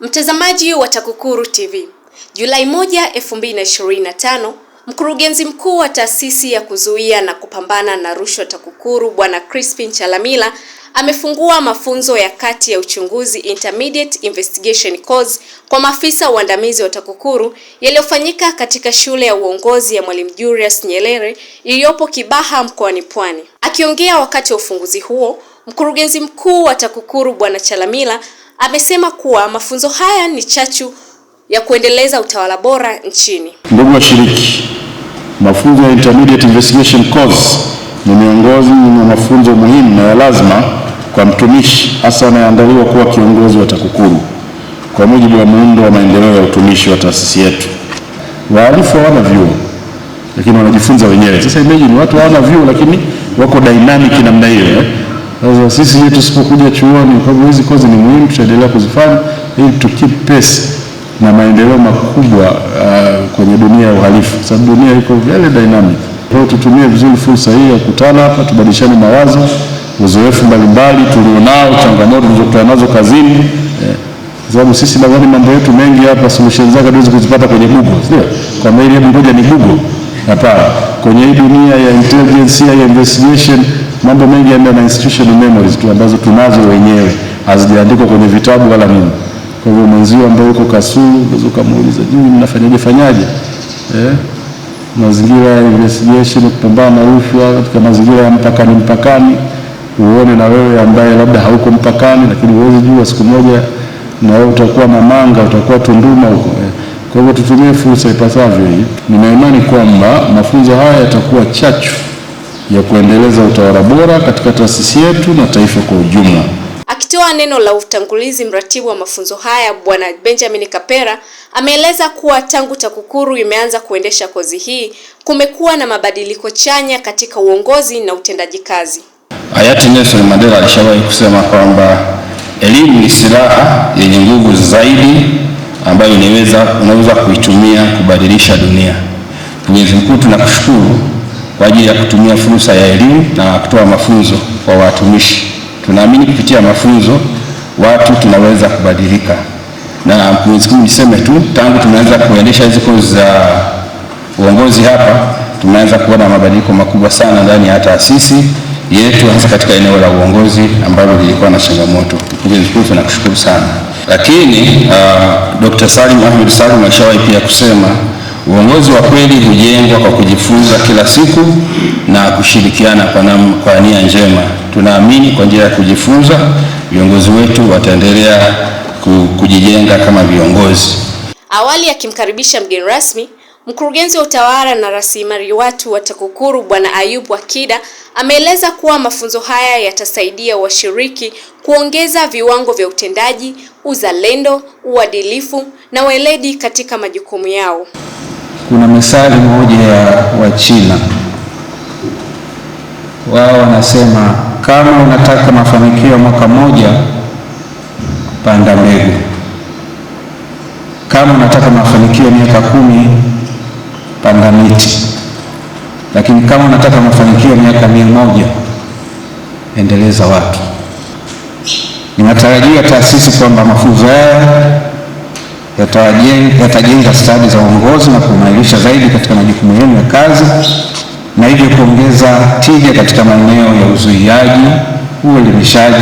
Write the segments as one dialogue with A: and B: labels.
A: Mtazamaji wa TAKUKURU TV, Julai 1, 2025, Mkurugenzi Mkuu wa Taasisi ya Kuzuia na Kupambana na Rushwa TAKUKURU, Bwana Crispin Chalamila amefungua mafunzo ya kati ya uchunguzi Intermediate Investigation Course kwa maafisa waandamizi wa TAKUKURU yaliyofanyika katika shule ya uongozi ya Mwalimu Julius Nyerere iliyopo Kibaha mkoani Pwani. Akiongea wakati wa ufunguzi huo, Mkurugenzi Mkuu wa TAKUKURU Bwana Chalamila amesema kuwa mafunzo haya ni chachu ya kuendeleza utawala bora nchini.
B: Ndugu washiriki, mafunzo ya Intermediate Investigation Course ni miongozi mwa mafunzo muhimu na ya lazima kwa mtumishi, hasa anayeandaliwa kuwa kiongozi wa TAKUKURU kwa mujibu wa muundo wa maendeleo ya utumishi wa taasisi yetu. Wahalifu hawana vyuo, lakini wanajifunza wenyewe. Sasa imagine watu hawana vyuo, lakini wako dynamic namna hiyo eh? Sasa sisi je, tusipokuja chuoni? Kwa sababu hizi kozi ni muhimu, tutaendelea kuzifanya ili tukip pace na maendeleo makubwa uh, kwenye dunia ya uhalifu, sababu dunia iko very dynamic. Kwa tutumie vizuri fursa hii ya kukutana hapa, tubadilishane mawazo, uzoefu mbalimbali tulionao, changamoto tulizokutana nazo kazini eh, sababu sisi nadhani mambo yetu mengi hapa solution zake tuwezi kuzipata kwenye Google, sio kwa maili, hebu ngoja ni Google. Hapana, kwenye hii dunia ya intelligence ya investigation Mambo mengi yanaenda na institutional memories tu ambazo tunazo wenyewe, hazijaandikwa kwenye vitabu wala nini. Kwa hivyo mwenzio ambaye uko Kasulu unaweza ukamuuliza juu mnafanyaje fanyaje, eh, mazingira ya investigation, kupambana na rushwa katika mazingira ya mpakani mpakani, uone na wewe ambaye labda hauko mpakani, lakini uweze jua, siku moja na wewe utakuwa Mamanga, utakuwa Tunduma huko eh. Kwa hivyo tutumie fursa ipasavyo hii. Nina imani kwamba mafunzo haya yatakuwa chachu ya kuendeleza utawala bora katika taasisi yetu na taifa kwa ujumla.
A: Akitoa neno la utangulizi, mratibu wa mafunzo haya Bwana Benjamin Kapera ameeleza kuwa tangu TAKUKURU imeanza kuendesha kozi hii kumekuwa na mabadiliko chanya katika uongozi na utendaji kazi.
B: Hayati Nelson Mandela alishawahi kusema kwamba elimu ni silaha yenye nguvu zaidi ambayo unaweza kuitumia kubadilisha dunia. Mwenyezi Mungu tunakushukuru kwa ajili ya kutumia fursa ya elimu na kutoa mafunzo kwa watumishi. Tunaamini kupitia mafunzo watu tunaweza kubadilika, na Mwenyezi Mungu niseme tu, tangu tumeanza kuendesha hizo kozi za uongozi hapa, tumeanza kuona mabadiliko makubwa sana ndani ya taasisi yetu, hasa katika eneo la uongozi ambalo lilikuwa na changamoto. Nakushukuru sana lakini, uh, ah, Dr. Salim Ahmed Salim alishawahi pia kusema Uongozi wa kweli hujengwa kwa kujifunza kila siku na kushirikiana kwa nia njema. Tunaamini kwa njia ya kujifunza, viongozi wetu wataendelea kujijenga kama viongozi.
A: Awali akimkaribisha mgeni rasmi, mkurugenzi wa utawala na rasilimali watu wa TAKUKURU Bwana Ayubu Akida ameeleza kuwa mafunzo haya yatasaidia washiriki kuongeza viwango vya utendaji, uzalendo, uadilifu na weledi katika majukumu yao.
B: Kuna methali moja ya Wachina, wao wanasema kama unataka mafanikio ya mwaka mmoja, panda mbegu. Kama unataka mafanikio ya miaka kumi, panda miti. Lakini kama unataka mafanikio ya miaka mia moja, endeleza watu. Ninatarajia taasisi kwamba mafunzo haya yatajenga stadi za uongozi na kuimarisha zaidi katika majukumu yenu ya kazi na hivyo kuongeza tija katika maeneo ya uzuiaji, uelimishaji,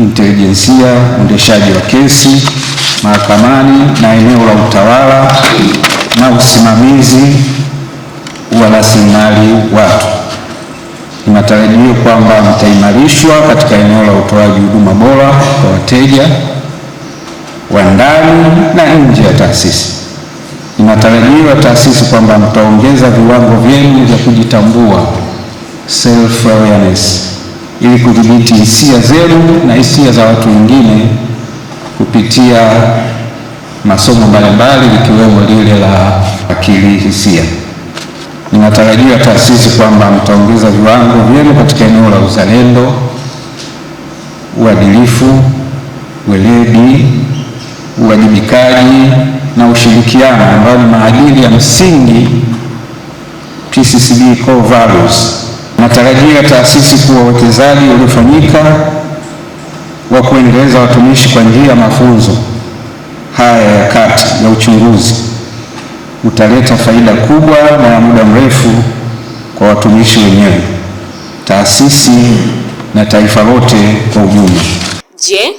B: intelijensia, uendeshaji wa kesi mahakamani na eneo la utawala na usimamizi wa rasilimali watu. Ni matarajio kwamba mtaimarishwa katika eneo la utoaji huduma bora kwa wateja wa ndani na nje ya taasisi. Inatarajiwa taasisi kwamba mtaongeza viwango vyenu vya kujitambua self awareness, ili kudhibiti hisia zenu na hisia za watu wengine kupitia masomo mbalimbali likiwemo lile la akili hisia. Inatarajiwa taasisi kwamba mtaongeza viwango vyenu katika eneo la uzalendo, uadilifu, weledi uwajibikaji na ushirikiano ambayo ni maadili ya msingi PCCB core values. Natarajia taasisi kuwa uwekezaji uliofanyika wa kuendeleza watumishi kwa njia ya mafunzo haya ya kati ya uchunguzi utaleta faida kubwa na ya muda mrefu kwa watumishi wenyewe, taasisi na taifa lote kwa ujumla.
A: Je,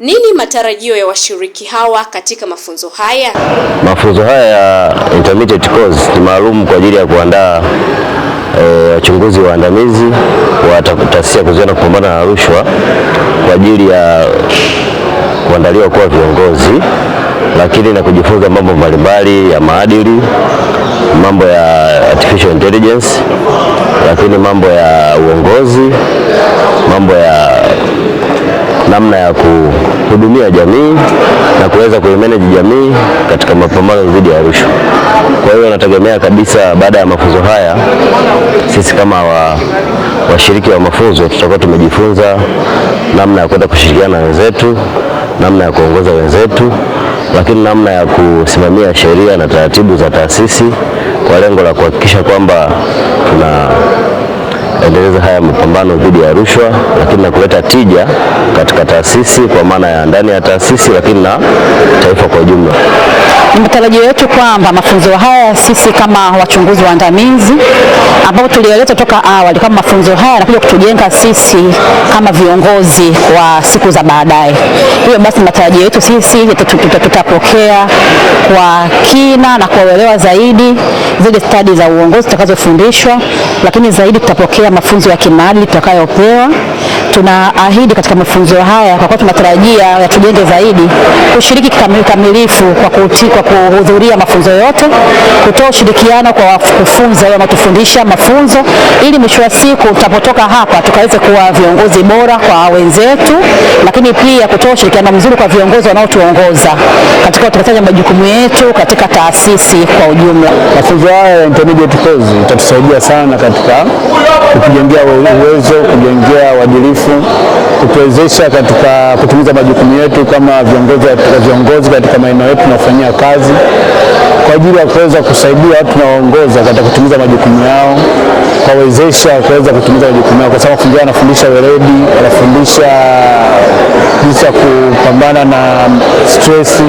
A: nini matarajio ya washiriki hawa katika mafunzo haya?
C: Mafunzo haya ya intermediate course ni maalum kwa ajili ya kuandaa eh, wachunguzi e, waandamizi wa taasisi ya kuzuia na kupambana na rushwa kwa ajili ya kuandaliwa kuwa viongozi, lakini na kujifunza mambo mbalimbali ya maadili, mambo ya artificial intelligence, lakini mambo ya uongozi, mambo ya namna ya kuhudumia jamii na kuweza kuimanage jamii katika mapambano dhidi ya rushwa. Kwa hiyo nategemea kabisa baada ya mafunzo haya sisi kama washiriki wa, wa mafunzo tutakuwa tumejifunza namna ya kwenda kushirikiana na wenzetu, namna ya kuongoza wenzetu, lakini namna ya kusimamia sheria na taratibu za taasisi kwa lengo la kuhakikisha kwamba tuna kuendeleza haya mapambano dhidi ya rushwa, lakini na kuleta tija katika taasisi kwa maana ya ndani ya taasisi, lakini na taifa kwa ujumla.
D: Matarajio yetu kwamba mafunzo haya sisi kama wachunguzi waandamizi ambao tulieleza toka awali kama mafunzo haya yanakuja kutujenga sisi kama viongozi wa siku za baadaye. Hiyo basi, matarajio yetu sisi tutapokea kwa kina na kwa uelewa zaidi zile stadi za uongozi tutakazofundishwa, lakini zaidi tutapokea mafunzo ya kimaadili tutakayopewa Tunaahidi katika mafunzo haya, kwa kuwa tunatarajia yatujenge zaidi, kushiriki kikamilifu kwa kuhudhuria mafunzo yote, kutoa ushirikiano kwa wakufunzi au wanaotufundisha mafunzo, ili mwisho wa siku tutapotoka hapa tukaweze kuwa viongozi bora kwa wenzetu, lakini pia kutoa ushirikiano mzuri kwa viongozi wanaotuongoza katika utekelezaji wa majukumu yetu katika taasisi kwa ujumla.
E: Mafunzo haya ya intermediate course itatusaidia sana katika kutujengea uwezo, kujengea uadilifu mtakatifu kutuwezesha katika kutimiza majukumu yetu kama viongozi katika viongozi katika maeneo yetu tunafanyia kazi kwa ajili ya kuweza kusaidia watu nawaongoza katika kutimiza majukumu yao, kuwawezesha kuweza kutimiza majukumu yao, kwa sababu fundi anafundisha weledi, anafundisha jinsi ya ku kupambana na um, stress,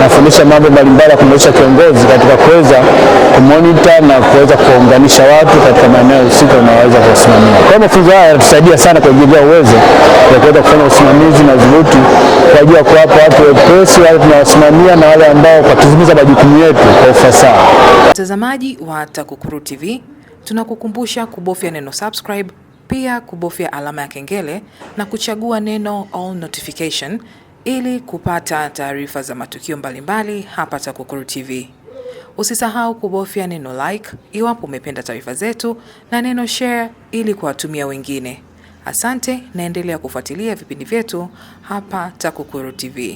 E: nafundisha mambo mbalimbali ya kumwezesha kiongozi katika kuweza kumonita na kuweza kuunganisha watu katika maeneo husika unaweza kusimamia. Kwa mafunzo haya yanatusaidia sana kujenga uwezo wa kuweza kufanya usimamizi madhubuti kwa ajili ya kuwapa watu wepesi wale tunawasimamia na wale ambao kwa majukumu yetu kwa ufasaha.
F: Mtazamaji wa TAKUKURU TV, tunakukumbusha kubofya neno subscribe, pia kubofya alama ya kengele na kuchagua neno all notification ili kupata taarifa za matukio mbalimbali hapa TAKUKURU TV. Usisahau kubofya neno like iwapo umependa taarifa zetu na neno share ili kuwatumia wengine. Asante, naendelea kufuatilia vipindi vyetu hapa TAKUKURU TV.